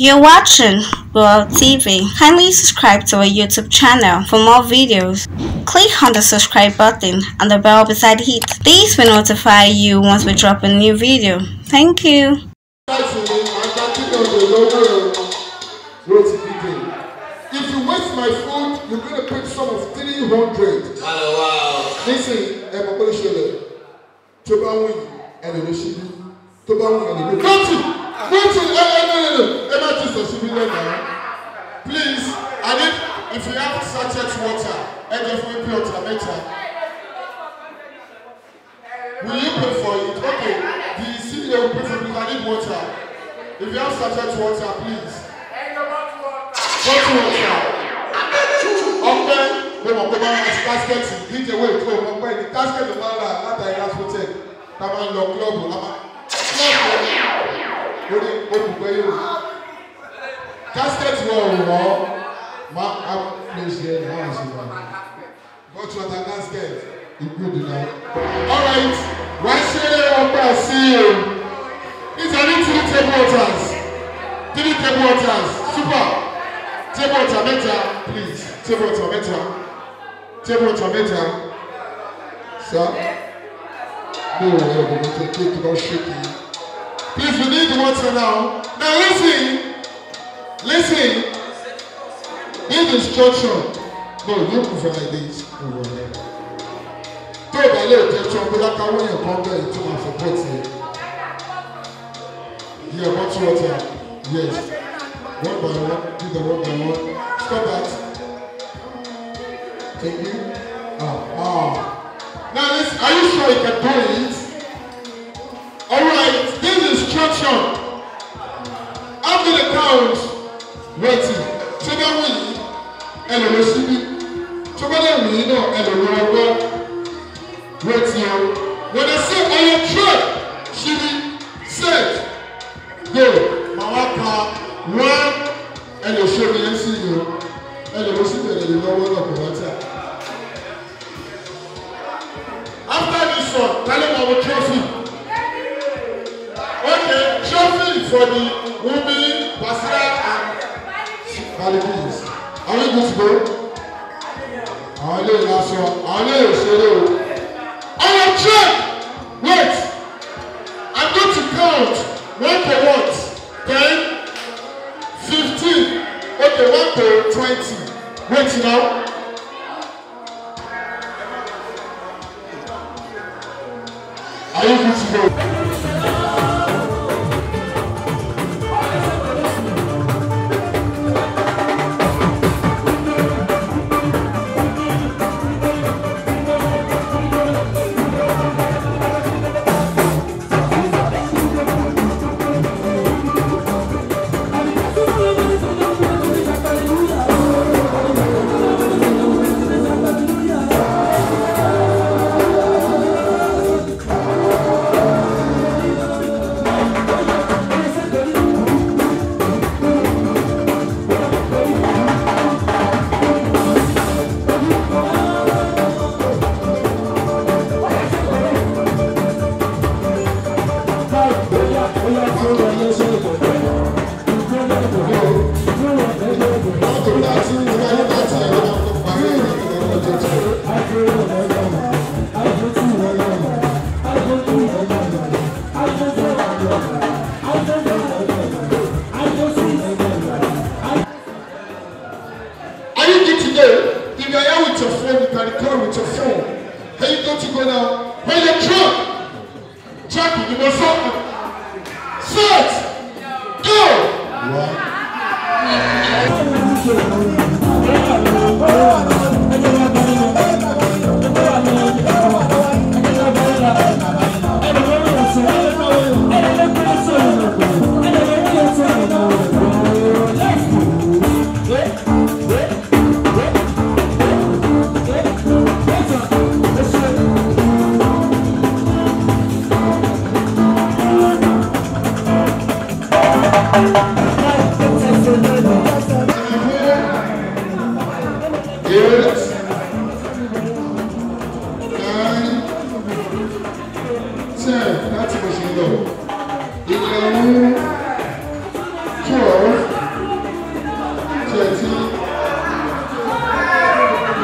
You're watching World TV. Kindly subscribe to our YouTube channel for more videos. Click on the subscribe button and the bell beside it. This will notify you once we drop a new video. Thank you. If you waste my food, you're going to pay some of 300. Hello, wow. Listen, I'm going to show Toba and they Toba and they Fulton, eh, eh, no, no, no, no. Emma is a civilian now. Please, I need, if you have sachet water, and if we pure water, better. Will you pay for it? Okay, the senior will pay for it. I need water. If you have sachet water, please. Hot water. Okay. Pé mọ̀ pé máa ń ṣe kásikẹ́tì, díje wé ìtú ẹ̀ mọ̀ pé ní kásikẹ́tì máa ń rà látàrí lásìkò tẹ̀, tá a ń lọ kílọ̀bù, a máa ń orí olùgbé yóò casket wọ ọwọ ma a place there na house wa but water casket e good na alright wá ṣe ọgbà sí i nítorí three table waters three table waters super table water mẹ́ta please table water mẹ́ta table water mẹ́ta sir. No, no, no, no, no, no, no, no, no, no, If you need water now, now listen, listen. Give instruction. No, you move like this. Move on there. Tó o bá lè jẹ tí ọgbẹ́ lákàwọ́ yẹn kan bẹ́ẹ̀ tó máa fọ pọ́ọ̀tì yẹn. Yẹ bottle water. Yes. One by one, do the one by one. Stop that. Thank you. Ah, ah. Now listen, are you sure you can do it? All right corruption after the crowd waiting tí bá wù yìí ẹ lè lọ síbí tó bá lè wù yìí náà ẹ lè lọ ọgbọ́ waiting o wọ́n lè ṣe ọyọ trap ṣíbi set go màá ka wọ́n ẹ lè ṣe omi yẹn sí yìí o ẹ lè lọ síbí ẹ lè lọ́wọ́ lọ́kọ̀ọ́ láti. for the women, Basira, and Philippines. Are we good to go? Àwọn ilé ìlàsọ, àwọn ilé ìṣeré o. Ọ̀rọ̀ check! Wait! I'm going to count one for what? Ten? Fifteen? Okay, one to twenty. Wait now. Are you good to go? Thank you.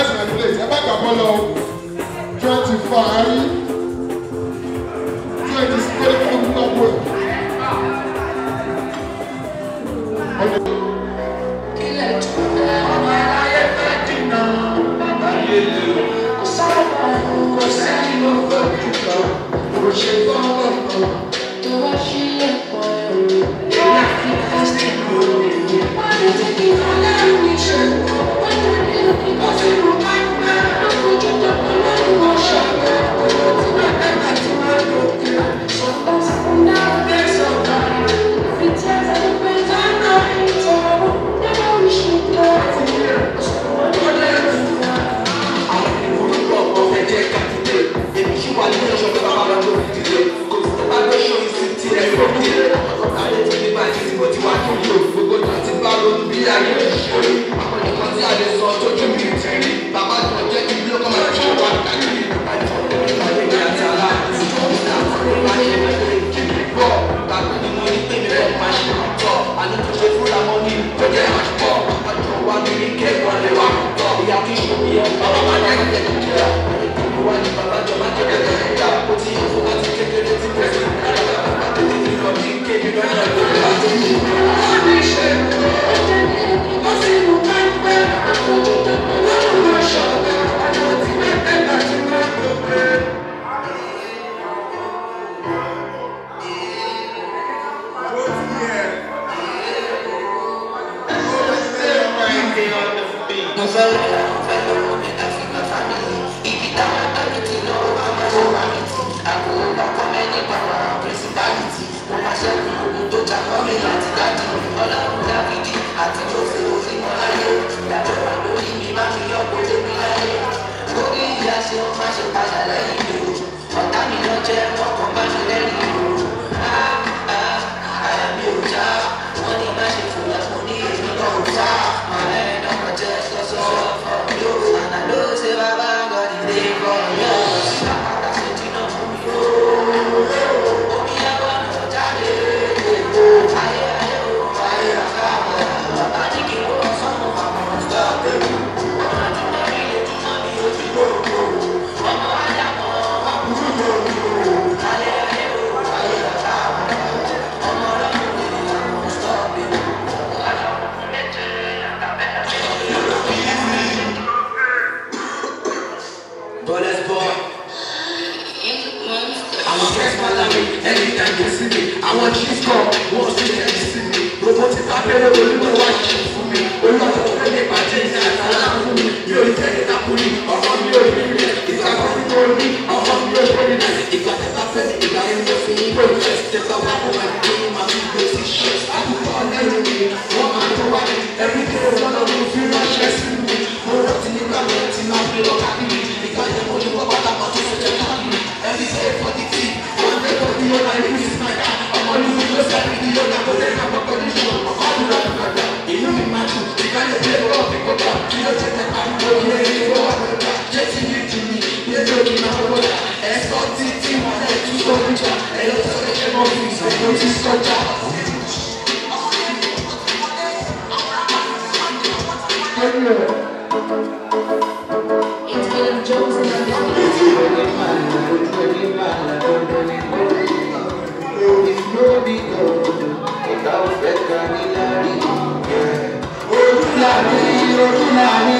rest my place ẹ bá gbà lọ twenty five. from here. টাকা হবে না Oh, Tsunami oh,